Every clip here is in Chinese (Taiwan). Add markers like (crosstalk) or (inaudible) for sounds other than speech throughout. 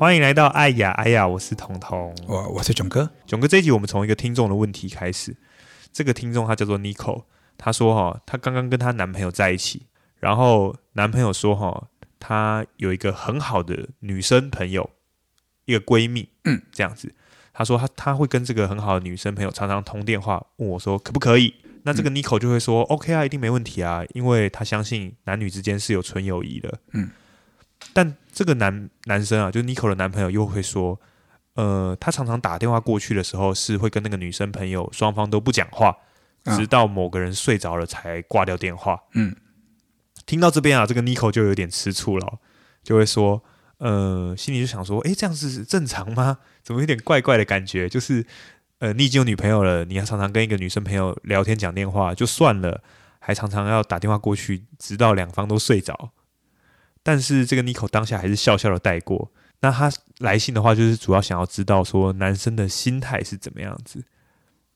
歡迎來到愛雅。愛雅，我是彤彤，我我是囧哥。囧哥，這一集我們從一個聽眾的問題開始。這個聽眾他叫做 Nico，他說哈，他剛剛跟他男朋友在一起，然後男朋友說哈，他有一個很好的女生朋友，一個閨蜜，嗯，這樣子。他說他他會跟這個很好的女生朋友常常通電話，問我說可不可以？那這個 Nico 就會說、嗯、OK 啊，一定沒問題啊，因為他相信男女之間是有純友誼的，嗯。但這個男男生啊，就 Nico 的男朋友，又會說，呃，他常常打電話過去的時候，是會跟那個女生朋友雙方都不講話，直到某個人睡着了才掛掉電話。嗯，聽到這邊啊，這個 Nico 就有點吃醋了，就會說，呃，心裡就想說，誒、欸，這樣子正常嗎？怎麼有點怪怪的感覺？就是，呃，你已經有女朋友了，你要常常跟一個女生朋友聊天講電話就算了，還常常要打電話過去，直到兩方都睡着。但是這個妮可當下還是笑笑的帶過。那他來信的話，就是主要想要知道說男生的心態是怎麼樣子。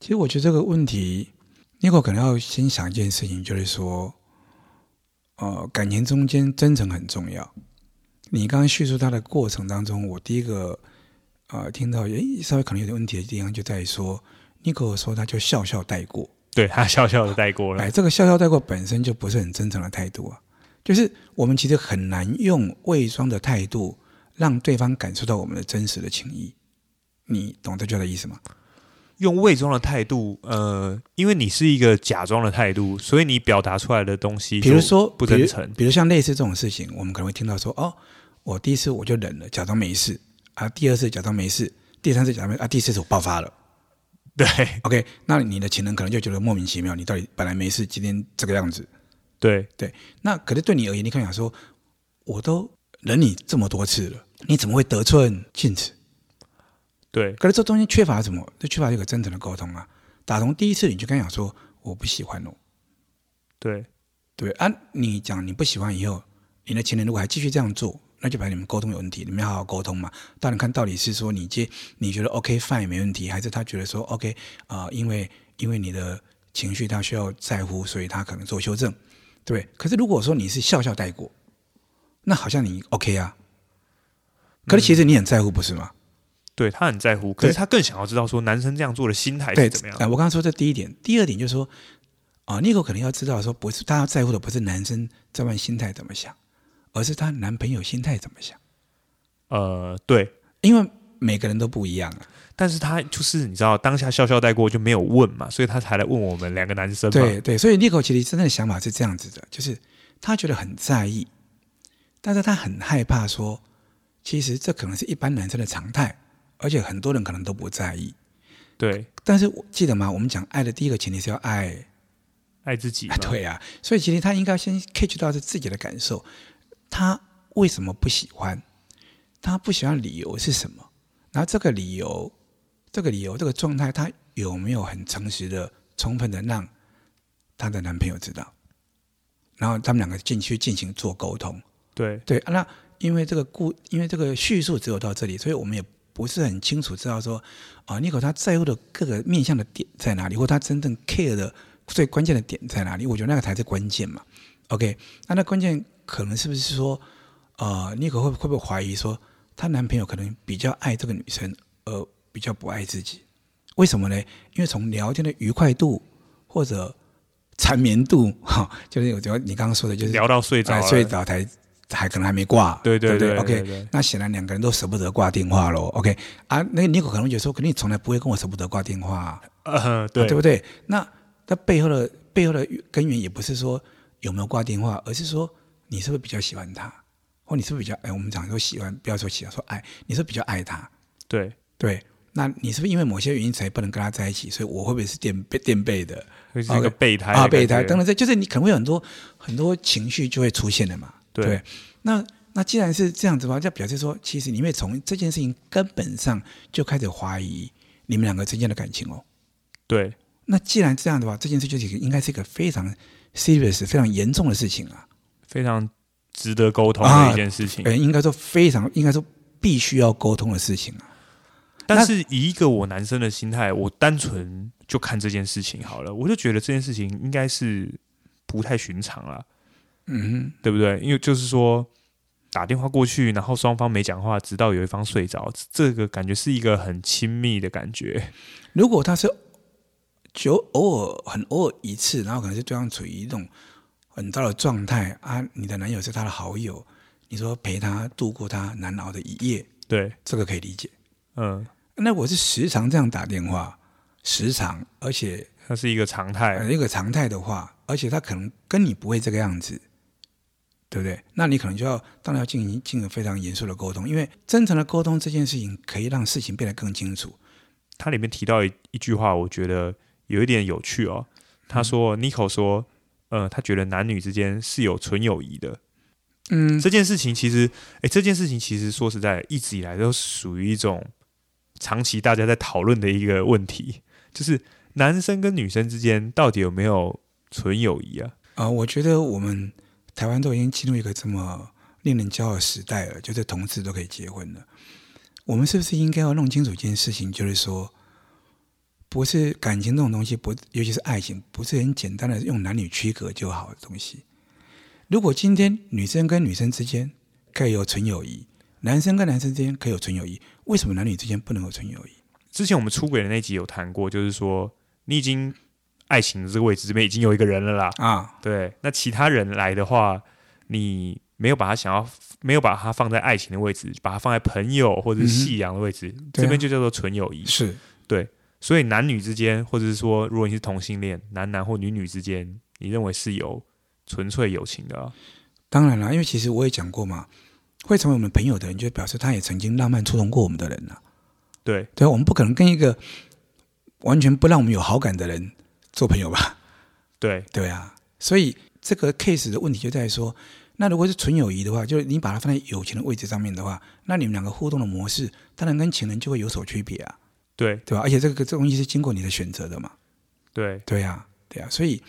其實我覺得這個問題，妮可可能要先想一件事情，就是說，呃，感情中間真誠很重要。你剛剛敘述他的過程當中，我第一個呃聽到，誒，稍微可能有點問題的地方，就在於說，妮可說他就笑笑帶過，對，他笑笑的帶過了。哎，這個笑笑帶過本身就不是很真誠的態度啊。就是我們其實很難用偽裝的態度讓對方感受到我們的真實的情誼，你懂這句話的意思嗎？用偽裝的態度，呃，因為你是一個假裝的態度，所以你表達出來的東西比，比如說不真誠，比如像類似這種事情，我們可能會聽到說，哦，我第一次我就忍了，假裝沒事啊，第二次假裝沒事，第三次假裝沒事啊，第四次我爆發了。對，OK，那你的情人可能就覺得莫名其妙，你到底本來沒事，今天這個樣子。對對，那可是對你而言，你可能講說，我都忍你這麼多次了，你怎麼會得寸進尺？對，可是這東西缺乏什麼？就缺乏一個真誠的溝通啊！打從第一次你就跟講說我不喜歡哦。對對啊，你講你不喜歡以後，你的情人如果還繼續這樣做，那就表示你們溝通有問題，你們要好好溝通嘛。到底看到底是說你接你覺得 OK fine 沒問題，還是他覺得說 OK 啊、呃？因為因為你的情緒他需要在乎，所以他可能做修正。對，可是如果說你是笑笑帶過，那好像你 OK 啊。可是其實你很在乎，不是嗎？嗯、對他很在乎，對可是他更想要知道說，男生這樣做的心態是怎麼樣的、呃。我剛剛說這第一點，第二點就是說啊，哦、妮蔻可能要知道說，不是他要在乎的不是男生這麼樣心態怎麼想，而是她男朋友心態怎麼想。呃，對，因為每個人都不一樣啊。但是他就是你知道當下笑笑帶過就沒有問嘛，所以他才來問我們兩個男生。對對，所以 Niko 其實真正的想法是這樣子的，就是他覺得很在意，但是他很害怕說，其實這可能是一般男生的常態，而且很多人可能都不在意。對，但是我記得嗎？我們講愛的第一個前提是要愛愛自己啊。對啊，所以其實他應該先 catch 到是自己的感受，他為什麼不喜歡？他不喜歡理由是什麼？然後這個理由。這個理由，這個狀態，她有沒有很誠實的、充分的讓她的男朋友知道？然後他們兩個進去進行做溝通？對對、啊，那因為這個故，因為這個敘述只有到這裡，所以我們也不是很清楚知道說啊，妮可她在乎的各個面向的點在哪裡，或她真正 care 的最關鍵的點在哪裡？我覺得那個才是關鍵嘛。OK，那那關鍵可能是不是說啊，妮可會會不會懷疑說她男朋友可能比較愛這個女生？呃。比較不愛自己，為什麼呢？因為從聊天的愉快度或者纏綿度哈，就是有你剛剛說的，就是聊到睡再、啊、睡着才還可能還沒掛，對，對對對。OK，對對對，那顯然兩個人都捨不得掛電話嘍。OK，啊，那 n i c 可能有時候肯定從來不會跟我捨不得掛電話、啊，呃，對、啊，對不對？那他背後的背後的根源也不是說有沒有掛電話，而是說你是不是比較喜歡他，或你是不是比較哎，我們常說喜歡，不要說喜歡，說愛，你是不是比較愛他，對對。對。那你是不是因為某些原因才不能跟他在一起？所以我會不會是墊背墊背的？會是一個備胎的，okay、啊，備胎。當然，這就是你可能會有很多很多情緒就會出現的嘛。對，對。那那既然是這樣子的話，就表示說，其實你會從這件事情根本上就開始懷疑你們兩個之間的感情哦。對。那既然這樣的話，這件事就是應該是一個非常 serious、非常嚴重的事情啊，非常值得溝通的一件事情。呃、啊嗯，應該說非常，應該說必須要溝通的事情啊。但是以一個我男生的心態，他 我單純就看這件事情好了，我就覺得這件事情應該是不太尋常了，嗯哼，對不對？因為就是說打電話過去，然後雙方沒講話，直到有一方睡着，這個感覺是一個很親密的感覺。如果他是就偶爾很偶爾一次，然後可能是對方處於一種很大的狀態啊，你的男友是他的好友，你說陪他度過他難熬的一夜，對，這個可以理解。嗯，那我是時常這樣打電話，時常，而且他是一個常態、呃，一個常態的話，而且他可能跟你不會這個樣子，對不對？那你可能就要，當然要進行進行非常嚴肅的溝通，因為真誠的溝通這件事情可以讓事情變得更清楚。他裡面提到一一句話，我覺得有一點有趣哦。他說 Nico 說、嗯，他覺得男女之間是有純友誼的。嗯，這件事情其實，哎，這件事情其實說實在，一直以來都是屬於一種。長期大家在討論的一個問題，就是男生跟女生之間到底有沒有純友誼啊？啊、呃，我覺得我們台灣都已經進入一個這麼令人驕傲的時代了，就是同志都可以結婚了。我們是不是應該要弄清楚一件事情，就是說，不是感情這種東西，不，尤其是愛情，不是很簡單的用男女區隔就好的東西。如果今天女生跟女生之間，可以有純友誼。男生跟男生之間可以有純友誼，為什麼男女之間不能有純友誼？之前我們出軌的那集有談過，就是說你已經愛情的這個位置這邊已經有一個人了啦，啊，對，那其他人來的話，你沒有把他想要，沒有把他放在愛情的位置，把他放在朋友或者夕陽的位置，嗯啊、這邊就叫做純友誼，是對。所以男女之間，或者是說如果你是同性戀，男男或女女之間，你認為是有純粹友情的、啊？當然啦，因為其實我也講過嘛。會成為我們朋友的人，就表示他也曾經浪漫觸動過我們的人了。對，對、啊，我們不可能跟一個完全不讓我們有好感的人做朋友吧？對，對啊。所以這個 case 的問題就在說，那如果是純友誼的話，就是你把它放在友情的位置上面的話，那你們兩個互動的模式，當然跟情人就會有所區別啊。對，對吧？而且這個這東西是經過你的選擇的嘛。對，對啊。對啊。所以，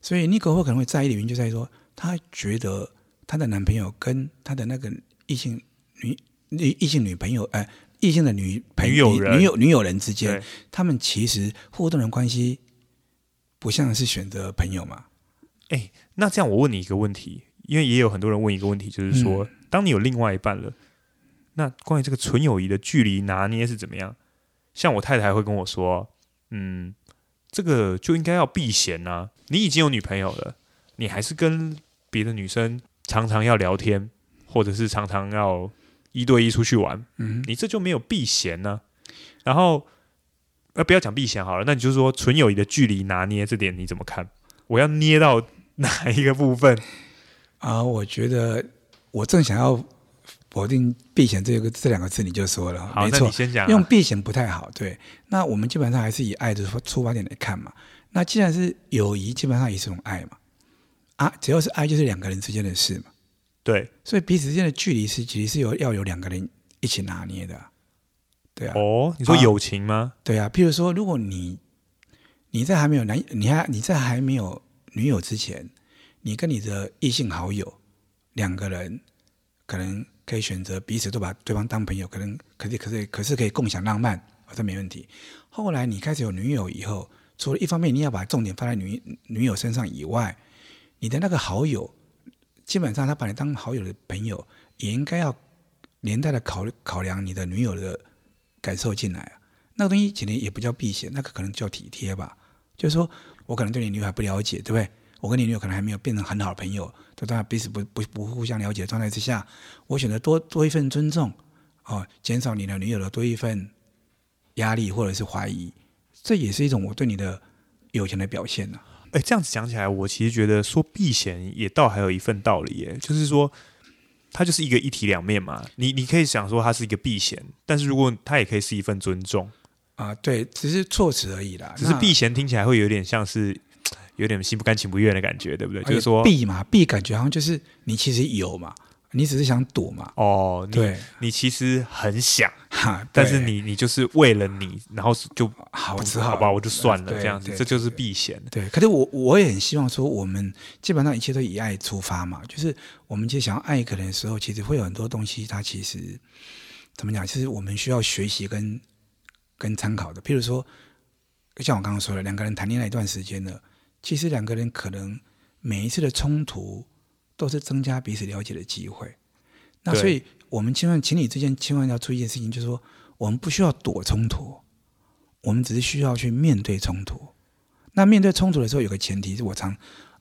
所以妮可可能會在意的原因，就在於說，她覺得她的男朋友跟她的那個。異性女異性女朋友哎，異性的女朋友女友女友，女友人之間，對他們其實互動的關係不像是選擇朋友嘛。哎、欸，那這樣我問你一個問題，因為也有很多人問一個問題，就是說，嗯、當你有另外一半了，那關於這個純友誼的距離拿捏是怎麼樣？像我太太會跟我說，嗯，這個就應該要避嫌啊。你已經有女朋友了，你還是跟別的女生常常要聊天。或者是常常要一對一出去玩，嗯哼，你這就沒有避嫌呢、啊。然後，呃、啊，不要講避嫌好了，那你就說純友誼的距離拿捏這點你怎麼看？我要捏到哪一個部分？啊、呃，我覺得我正想要否定避嫌這個這兩個字，你就說了，好，沒錯那你先講、啊，用避嫌不太好。對，那我們基本上還是以愛的出發點來看嘛。那既然是友誼，基本上也是種愛嘛。啊，只要是愛，就是兩個人之間的事嘛。對，所以彼此之間的距離是，其實是有要有兩個人一起拿捏的，對啊。哦，你說友情嗎？對啊。譬如說，如果你你在還沒有男，你還你在還沒有女友之前，你跟你的異性好友兩個人，可能可以選擇彼此都把對方當朋友，可能可是可是可是可以共享浪漫，這沒問題。後來你開始有女友以後，除了一方面你要把重點放在女女友身上以外，你的那個好友。基本上，他把你當好友的朋友，也應該要連帶的考慮考量你的女友的感受進來啊。那個東西其實也不叫避嫌，那個可能叫體貼吧。就是說，我可能對你女友還不了解，對不對？我跟你女友可能還沒有變成很好的朋友，在大家彼此不不不互相了解的狀態之下，我選擇多多一份尊重，哦，減少你的女友的多一份壓力或者是懷疑，這也是一種我對你的友情的表現呢、啊。哎，欸、這樣子講起來，我其實覺得說避嫌也倒還有一份道理耶、欸，就是說，它就是一個一體兩面嘛。你你可以想說它是一個避嫌，但是如果它也可以是一份尊重啊，對，只是措辭而已啦。只是避嫌聽起來會有點像是有點心不甘情不願的感覺，對不對？就是說避嘛避，感覺好像就是你其實有嘛。你只是想躲嘛？哦，對，你其實很想，哈，但是你你就是為了你，然後就好，吃，好吧，我就算了、啊、這樣子，這就是避嫌。對，可是我我也很希望說，我們基本上一切都以愛出發嘛，就是我們就想要愛一個人的時候，其實會有很多東西，它其實怎麼講？其實我們需要學習跟跟參考的。譬如說，就像我剛剛說的，兩個人談戀愛一段時間了，其實兩個人可能每一次的衝突。都是增加彼此了解的機會。那所以，我們千萬情侶之間千萬要注意一件事情，就是說，我們不需要躲衝突，我們只是需要去面對衝突。那面對衝突的時候，有個前提是我常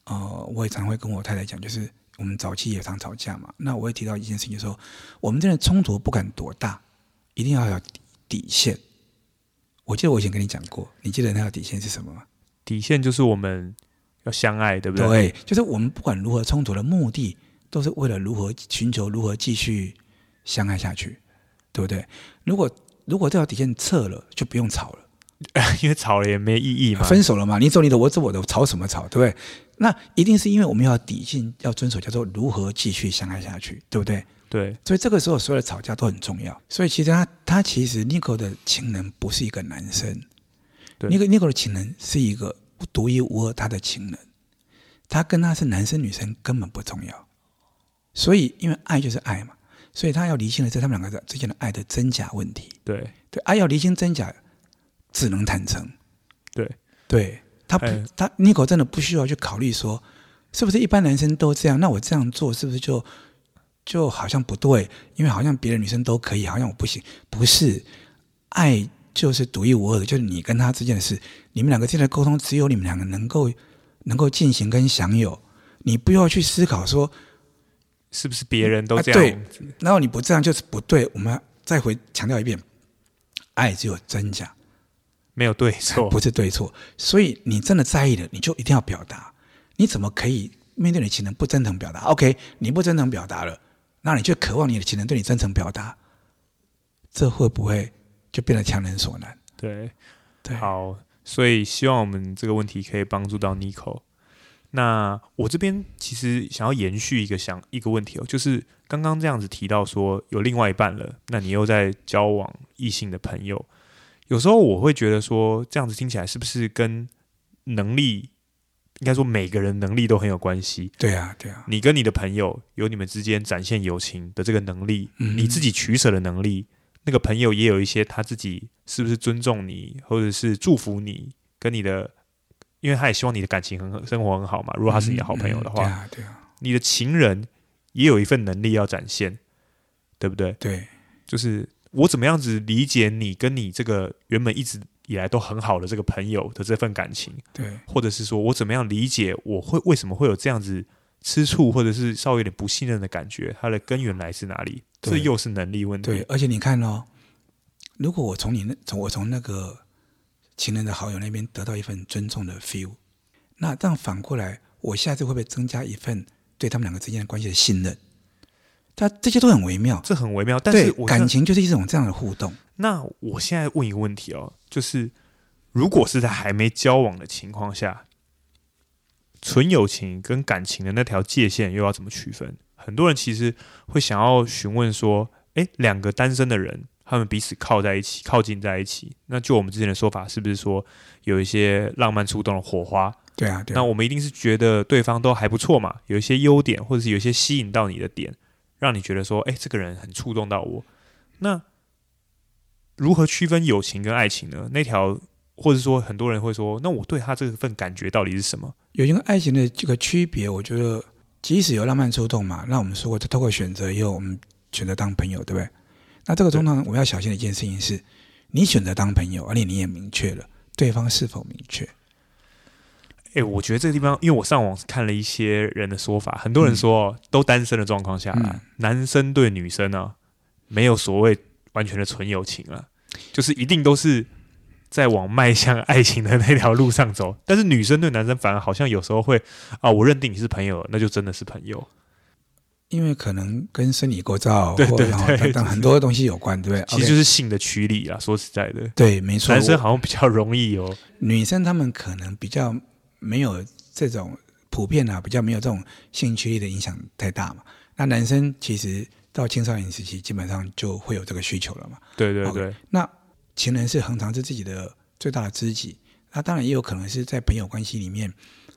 呃，我也常會跟我太太講，就是我們早期也常吵架嘛。那我也提到一件事情，就是說，我們真的衝突不管多大，一定要有底線。我記得我以前跟你講過，你記得那個底線是什麼嗎？底線就是我們。要相愛，對不對？對，就是我們不管如何衝突的目的，都是為了如何尋求如何繼續相愛下去，對不對？如果如果這條底線撤了，就不用吵了，呃、因為吵了也沒意義嘛。呃、分手了嘛？你走你的，我走我的，吵什麼吵？對不對？那一定是因為我們要底線要遵守，叫做如何繼續相愛下去，對不對？對。所以這個時候所有的吵架都很重要。所以其實他他其實 Niko 的情人不是一個男生，對。Niko Niko 的情人是一個。不，獨一無二，他的情人，他跟他是男生女生根本不重要，所以因為愛就是愛嘛，所以他要釐清的，是他們兩個之間，的愛的真假問題。對對，愛、啊、要釐清真假，只能坦誠。對對，他不唉他妮可真的不需要去考慮說，是不是一般男生都這樣？那我這樣做是不是就就好像不對？因為好像別的女生都可以，好像我不行？不是愛。就是獨一無二的，就是你跟他之間的事，你們兩個之間的溝通只有你們兩個能夠、能夠進行跟享有。你不要去思考說是不是別人都這樣、啊對，然後你不這樣就是不對。我們要再回強調一遍，愛、啊、只有真假，沒有對錯、啊，不是對錯。所以你真的在意的，你就一定要表達。你怎麼可以面對你的情人不真誠表達？OK，你不真誠表達了，那你就渴望你的情人對你真誠表達，這會不會？就變得強人所難。對，對，好，所以希望我們這個問題可以幫助到 Nico。那我這邊其實想要延續一個想一個問題哦，就是剛剛這樣子提到說有另外一半了，那你又在交往異性的朋友，有時候我會覺得說，這樣子聽起來是不是跟能力，應該說，每個人能力都很有關係。對啊，對啊，你跟你的朋友有你們之間展現友情的這個能力，嗯，你自己取捨的能力。那個朋友也有一些他自己是不是尊重你，或者是祝福你，跟你的，因為他也希望你的感情很生活很好嘛。如果他是你的好朋友的話，嗯嗯，對啊，對啊，你的情人也有一份能力要展現，對不對？對，就是我怎麼樣子理解你跟你這個原本一直以來都很好的這個朋友的這份感情？對，或者是說我怎麼樣理解我會為什麼會有這樣子？吃醋或者是稍微有點不信任的感覺，它的根源來自哪裡？對這又是能力問題。對，而且你看哦，如果我從你那，從我從那個情人的好友那邊得到一份尊重的 feel，那這樣反過來，我下次會不會增加一份對他們兩個之間的關係的信任？他這些都很微妙，這很微妙。但是對我感情就是一種這樣的互動。那我現在問一個問題哦，就是如果是在還沒交往的情況下。純友情跟感情的那條界限，又要怎麼區分？很多人其實會想要詢問說：誒、欸，兩個單身的人，他們彼此靠在一起，靠近在一起，那就我們之前的說法，是不是說有一些浪漫觸動的火花？對啊。對。那我們一定是覺得對方都還不錯嘛，有一些優點，或者是有一些吸引到你的點，讓你覺得說：誒、欸，這個人很觸動到我。那如何區分友情跟愛情呢？那條或者說，很多人會說：“那我對他這份感覺到底是什麼？”友情和愛情的這個區別，我覺得即使有浪漫衝動嘛，那我們說過，他都會選擇因為我們選擇當朋友，對不對？那這個通常我們要小心的一件事情是：對你選擇當朋友，而、啊、且你也明確了對方是否明確。哎、欸，我覺得這個地方，因為我上網看了一些人的說法，很多人說、哦，嗯、都單身的狀況下，嗯、男生對女生呢、啊，沒有所謂完全的純友情了，就是一定都是。在往邁向愛情的那條路上走，但是女生對男生反而好像有時候會啊、哦，我認定你是朋友，那就真的是朋友，因為可能跟生理構造對,對,對很多東西有關，對,對,對,對不對？其實 Okay 就是性的驅力啦。說實在的，對，沒錯。男生好像比較容易哦，女生他們可能比較沒有這種普遍啊，比較沒有這種性驅力的影響太大嘛。那男生其實到青少年時期，基本上就會有這個需求了嘛。對對對，那。情人是恆常是自己的最大的知己，那當然也有可能是在朋友關係裡面，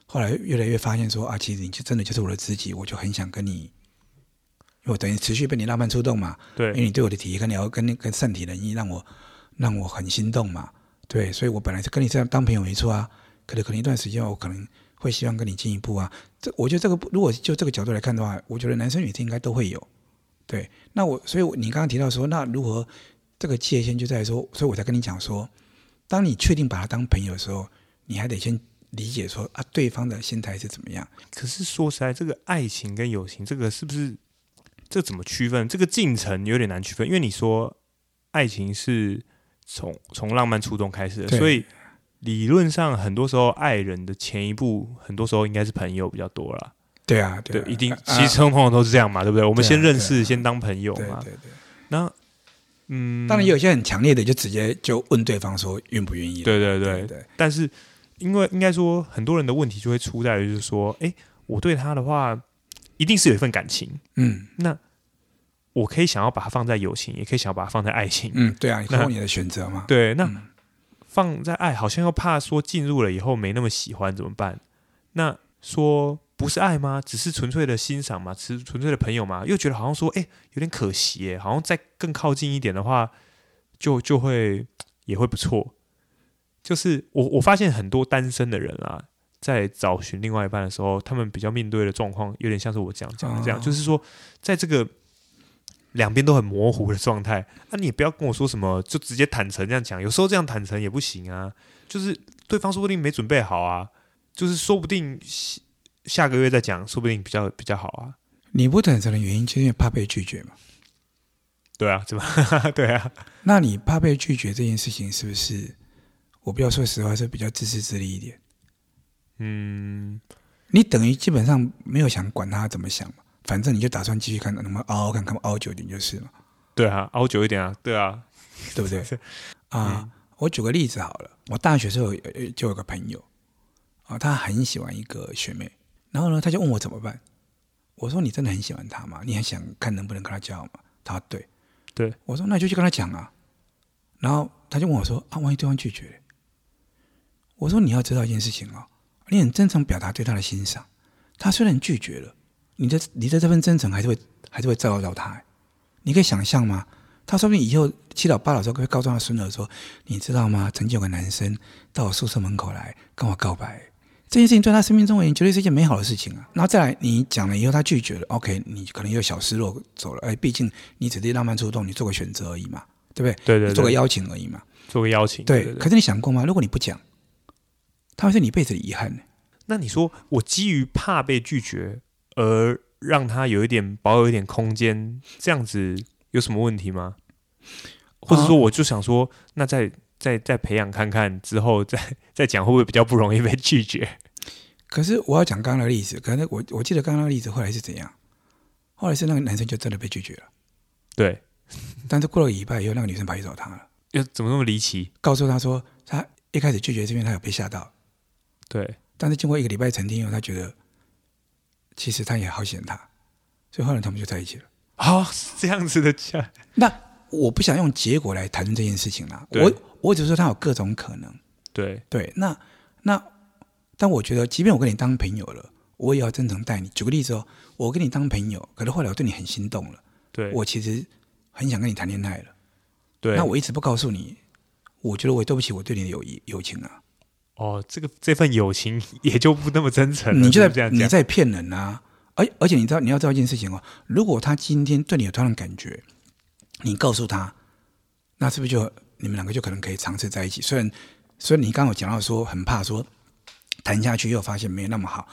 後來越來越發現說啊，其實你就真的就是我的知己，我就很想跟你，因為我等於持續被你浪漫觸動嘛，對，因為你對我的體貼，然後跟跟跟善體人意讓我讓我很心動嘛，對，所以我本來是跟你這樣當朋友沒錯啊，可能可能一段時間我可能會希望跟你進一步啊，這我覺得這個如果就這個角度來看的話，我覺得男生女生應該都會有，對，那我所以你剛剛提到說那如何？這個界限就在說，所以我才跟你講說，當你確定把他當朋友的時候，你還得先理解說啊，對方的心態是怎麼樣。可是說實在，這個愛情跟友情，這個是不是，這怎麼區分？這個進程有點難區分，因為你說愛情是從從浪漫初衷開始的，對所以理論上很多時候愛人的前一步，很多時候應該是朋友比較多了、啊。對啊，對，一定、啊、其實從朋友都是這樣嘛，啊、對不對？我們先認識，啊啊、先當朋友嘛。對，對對。那。嗯，當然有些很強烈的，就直接就問對方說願不願意、嗯。對對對對，對，對。但是，因為應該說很多人的問題就會出在於就是說，哎，我對他的話一定是有一份感情。嗯，那我可以想要把它放在友情，也可以想要把它放在愛情。嗯，對啊，以後你的選擇嘛。對，嗯、那放在愛好像又怕說進入了以後沒那麼喜歡怎麼辦？那說。不是愛嗎？只是純粹的欣賞嘛？只是純粹的朋友嘛？又覺得好像說，誒、欸，有點可惜耶。好像再更靠近一點的話，就就會也會不錯。就是我我發現很多單身的人啊，在找尋另外一半的時候，他們比較面對的狀況，有點像是我講講的這樣，啊、就是說，在這個兩邊都很模糊的狀態。啊，你也不要跟我說什麼，就直接坦誠這樣講。有時候這樣坦誠也不行啊，就是對方說不定沒準備好啊，就是說不定。下個月再講，說不定比較比較好啊。你不等著的原因就是因為怕被拒絕嘛。對啊，對吧？ (laughs) 對啊。那你怕被拒絕這件事情，是不是我比較說實話，是比較自私自利一點？嗯。你等於基本上沒有想管他怎麼想嘛，反正你就打算繼續看，能不能熬，他、哦、熬久一點就是了。對啊，熬久一點啊，對啊， (laughs) (laughs) 對不對？啊，嗯、我舉個例子好了，我大學時候有就有一個朋友啊，他很喜歡一個學妹。然後呢，他就問我怎麼辦？我說，你真的很喜歡他嗎？你很想看能不能跟他交往嗎？他說對，對。我說，那你就去跟他講啊。然後他就問我說啊，萬一對方拒絕？我說，你要知道一件事情哦，你很真誠表達對他的欣賞，他雖然拒絕了，你的你的這份真誠還是會還是會照耀到他，欸。你可以想象嗎？他說不定以後七老八老時候會告訴他孫兒說，你知道嗎？曾經有個男生到我宿舍門口來跟我告白。這件事情對他生命中而言，絕對是一件美好的事情啊！然後再來，你講了以後他拒絕了，OK，你可能有小失落走了，哎，畢竟你只是浪漫出動，你做個選擇而已嘛，對不對？對，對，對，做個邀請而已嘛，做個邀請。對。對對對，可是你想過嗎？如果你不講，他會是你一輩子的遺憾。那你說，我基於怕被拒絕而讓他有一點保有一點空間，這樣子有什麼問題嗎？或者說，我就想說，啊、那在。再再培養看看，之後再再講會不會比較不容易被拒絕？可是我要講剛剛的例子，可是我我記得剛剛的例子後來是怎樣？後來是那個男生就真的被拒絕了。對， (laughs) 但是過了一個禮拜以後，那個女生跑去找他了。又怎麼那麼離奇？告訴他說，他一開始拒絕這邊，他有被嚇到。對，但是經過一個禮拜沉澱以後，他覺得其實他也好喜歡他，所以後來他們就在一起了。啊、哦，是這樣子的。那我不想用結果來談這件事情啦。對我。我只是說他有各種可能，對對，那那但我覺得，即便我跟你當朋友了，我也要真誠待你。舉個例子哦，我跟你當朋友，可是後來我對你很心動了，對我其實很想跟你談戀愛了。對，那我一直不告訴你，我覺得我也對不起我對你的友誼友情啊。哦，這個這份友情也就不那麼真誠。你就在你在騙人啊！而而且你知道你要知道一件事情哦，如果他今天對你有這樣的感覺，你告訴他，那是不是就？你們兩個就可能可以嘗試在一起，雖然，所以你剛剛有講到說很怕說談下去又發現沒有那麼好，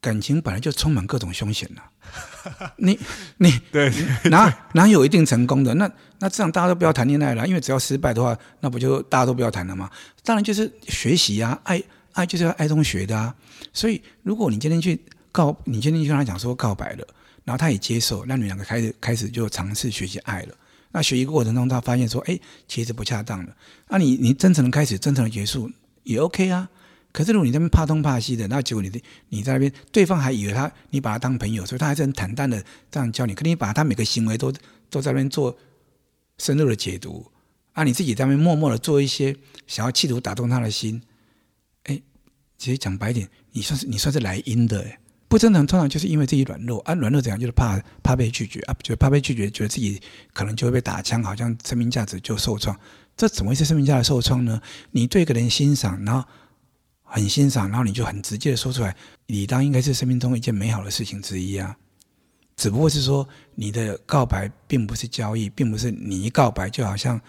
感情本來就充滿各種兇險了 (laughs) 你你對哪對哪有一定成功的？那那這樣大家都不要談戀愛了，因為只要失敗的話，那不就大家都不要談了嗎？當然就是學習啊，愛愛就是要愛中學的啊，所以如果你今天去告，你今天去跟他講說告白了，然後他也接受，那你們兩個開始開始就嘗試學習愛了。那學習過程中，他發現說：“哎、欸，其實不恰當的，那、啊、你你真誠的開始，真誠的結束也 OK 啊。可是如果你在那邊怕東怕西的，那結果你你在那邊，對方還以為他你把他當朋友，所以他還是很坦蕩的這樣教你。可你把他每個行為都都在那邊做深入的解讀，啊，你自己在那邊默默的做一些想要企圖打動他的心。哎、欸，其實講白一點，你算是你算是來陰的、欸不正常通常就是因為自己軟弱啊，軟弱怎樣？就是怕怕被拒絕啊，就怕被拒絕，覺得自己可能就會被打槍，好像生命價值就受創。這怎麼會是生命價值受創呢？你對一個人欣賞，然後很欣賞，然後你就很直接的說出來，你當應該是生命中一件美好的事情之一啊。只不過是說你的告白並不是交易，並不是你一告白就好像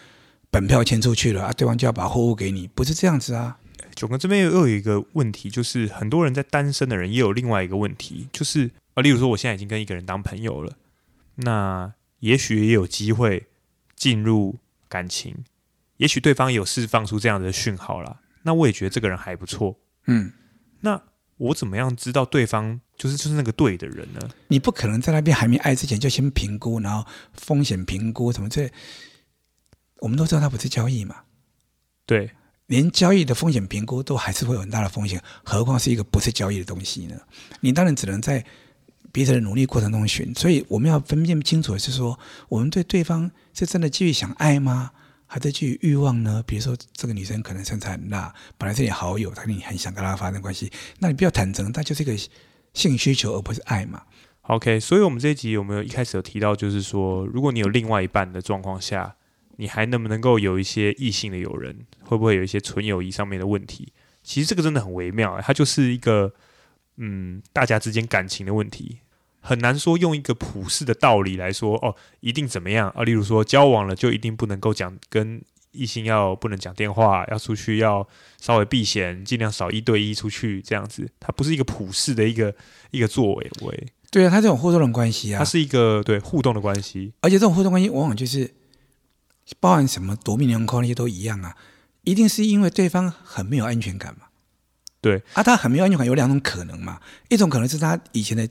本票簽出去了啊，對方就要把貨物給你，不是這樣子啊。九哥這邊又有一個問題，就是很多人在單身的人也有另外一個問題，就是啊，例如說我現在已經跟一個人當朋友了，那也許也有機會進入感情，也許對方也有釋放出這樣的訊號啦，那我也覺得這個人還不錯，嗯，那我怎麼樣知道對方就是就是那個對的人呢？你不可能在那邊還沒愛之前就先評估，然後風險評估什麼？這我們都知道，他不是交易嘛，對。連交易的風險評估都還是會有很大的風險，何況是一個不是交易的東西呢？你當然只能在彼此的努力過程中尋。所以我們要分辨清楚的是說，我們對對方是真的繼續想愛嗎？還在繼續欲望呢？比如說，這個女生可能身材很辣，本來是你的好友，但你很想跟她發生關係，那你不要坦誠，那就是一個性需求而不是愛嘛。OK，所以我們這一集有沒有一開始有提到，就是說，如果你有另外一半的狀況下。你還能不能夠有一些異性的友人？會不會有一些純友誼上面的問題？其實這個真的很微妙欸，它就是一個嗯，大家之間感情的問題，很難說用一個普世的道理來說哦，一定怎麼樣啊？例如說交往了就一定不能夠講跟異性要不能講電話，要出去要稍微避嫌，盡量少一對一出去這樣子。它不是一個普世的一個一個作為。為對啊，它這種互動的關係啊，它是一個對互動的關係，而且這種互動關係往往就是。包含什麼奪命連環 call 那些都一樣啊，一定是因為對方很沒有安全感嘛？對。啊，他很沒有安全感，有兩種可能嘛。一種可能是他以前的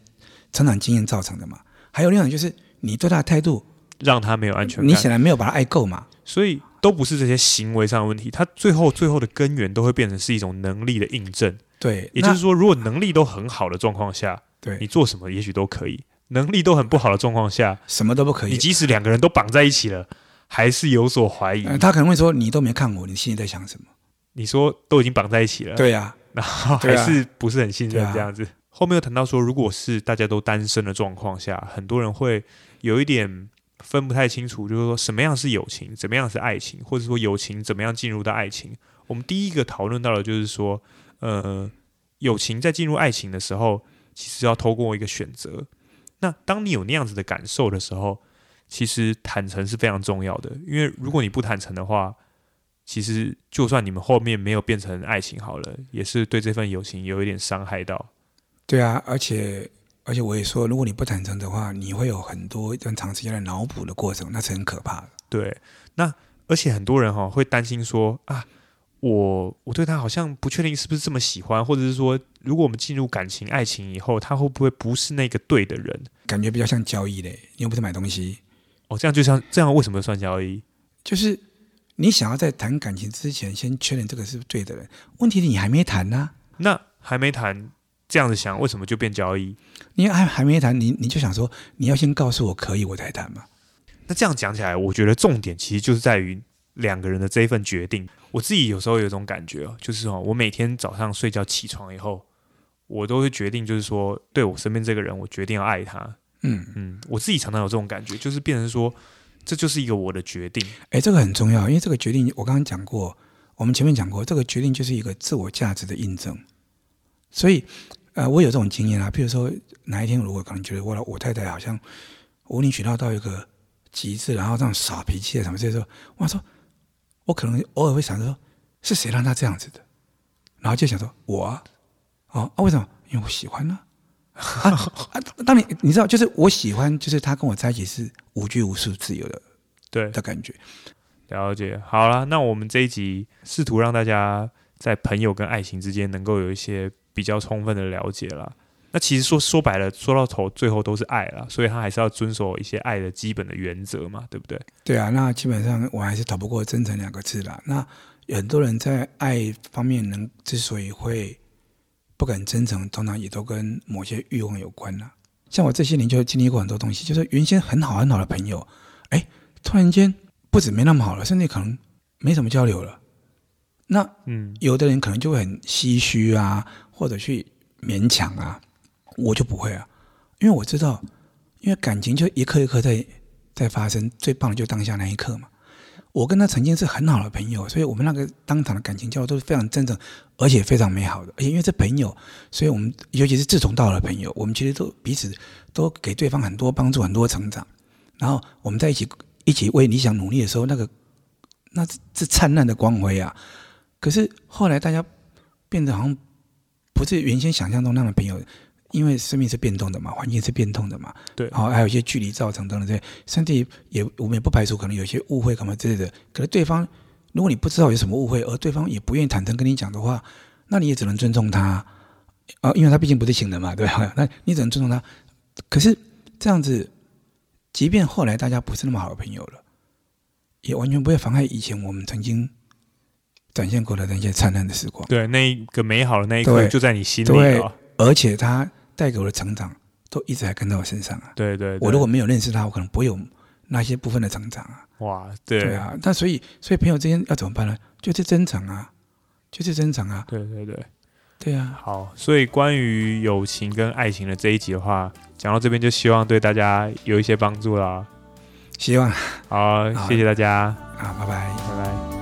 成長經驗造成的嘛。還有另外一種就是你對他的態度讓他沒有安全感。你顯然沒有把他愛夠嘛。所以都不是這些行為上的問題，他最後最後的根源都會變成是一種能力的印證。對，也就是說，如果能力都很好的狀況下，對你做什麼也許都可以；能力都很不好的狀況下，什麼都不可以。你即使兩個人都綁在一起了。還是有所懷疑，呃，他可能會說：“你都沒看過，你心裡在想什麼？”你說都已經綁在一起了，對呀，啊，然後還是不是很信任這樣子。啊啊，後面又談到說，如果是大家都單身的狀況下，很多人會有一點分不太清楚，就是說什麼樣是友情，怎麼樣是愛情，或者說友情怎麼樣進入到愛情。我們第一個討論到的就是說，呃，友情在進入愛情的時候，其實要透過一個選擇。那當你有那樣子的感受的時候，其實坦誠是非常重要的，因為如果你不坦誠的話，其實就算你們後面沒有變成愛情好了，也是對這份友情有一點傷害到。對啊，而且而且我也說，如果你不坦誠的話，你會有很多一段長時間的腦補的過程，那是很可怕的。對，那而且很多人哈會擔心說啊，我我對他好像不確定是不是這麼喜歡，或者是說，如果我們進入感情愛情以後，他會不會不是那個對的人？感覺比較像交易嘞，你又不是買東西。哦，這樣就像這樣，為什麼就算交易？就是你想要在談感情之前，先確認這個是不是對的人。問題是你還沒談呢？啊，那還沒談，這樣子想，為什麼就變交易？你還還沒談，你你就想說，你要先告訴我可以，我再談嘛。那這樣講起來，我覺得重點其實就是在於兩個人的這一份決定。我自己有時候有一種感覺，就是哦，我每天早上睡覺起床以後，我都會決定，就是說，對我身邊這個人，我決定要愛他。嗯嗯，我自己常常有這種感覺，就是變成說，這就是一個我的決定。哎、欸，這個很重要，因為這個決定，我剛剛講過，我們前面講過，這個決定就是一個自我價值的印證。所以，呃，我有這種經驗啊，比如說哪一天，如果可能覺得我我太太好像無理取鬧到一個極致，然後這樣耍脾氣什麼，這時候我說，我可能偶爾會想說，是誰讓他這樣子的？然後就想說，我啊、哦、啊，為什麼？因為我喜歡呢、啊。 (laughs) 啊，當、啊、你你知道，就是我喜歡，就是他跟我在一起是無拘無束、自由的，對的感覺。了解，好了，那我們這一集試圖讓大家在朋友跟愛情之間能夠有一些比較充分的了解了。那其實說說白了，說到頭最後都是愛了，所以他還是要遵守一些愛的基本的原則嘛，對不對？對啊，那基本上我還是逃不過真誠兩個字啦。那很多人在愛方面能之所以會。不敢真誠，通常也都跟某些慾望有關了啊，像我這些年就經歷過很多東西，就是原先很好很好的朋友，哎，突然間不止沒那麼好了，甚至可能沒什麼交流了。那嗯，有的人可能就會很唏噓啊，或者去勉強啊，我就不會啊，因為我知道，因為感情就一刻一刻在在發生，最棒的就當下那一刻嘛。我跟他曾經是很好的朋友，所以我們那個當場的感情交流都是非常真誠，而且非常美好的。而且因為是朋友，所以我們尤其是志同道合的朋友，我們其實都彼此都給對方很多幫助、很多成長。然後我們在一起一起為理想努力的時候，那個那是燦爛的光輝啊！可是後來大家變得好像不是原先想象中那樣的朋友。因為生命是變動的嘛，環境是變動的嘛，對，好，還有一些距離造成的這些，身體也我們也不排除可能有些誤會，什麼之類的。可是對方，如果你不知道有什麼誤會，而對方也不願意坦誠跟你講的話，那你也只能尊重他啊、呃，因為他畢竟不是情人嘛，對不對？那你只能尊重他。可是這樣子，即便後來大家不是那麼好的朋友了，也完全不會妨礙以前我們曾經展現過的那些燦爛的時光。對，那一個美好的那一刻就在你心裡、哦對對，而且他。帶給我的成長都一直還跟在我身上啊！對，對對，我如果沒有認識他，我可能不會有那些部分的成長啊！哇，對，對啊，那所以所以朋友之間要怎麼辦呢？就是真誠啊，就是真誠啊！對對對，對啊。好，所以關於友情跟愛情的這一集的話，講到這邊就希望對大家有一些幫助啦、啊。希望。好，啊、謝謝大家啊！拜拜，拜拜。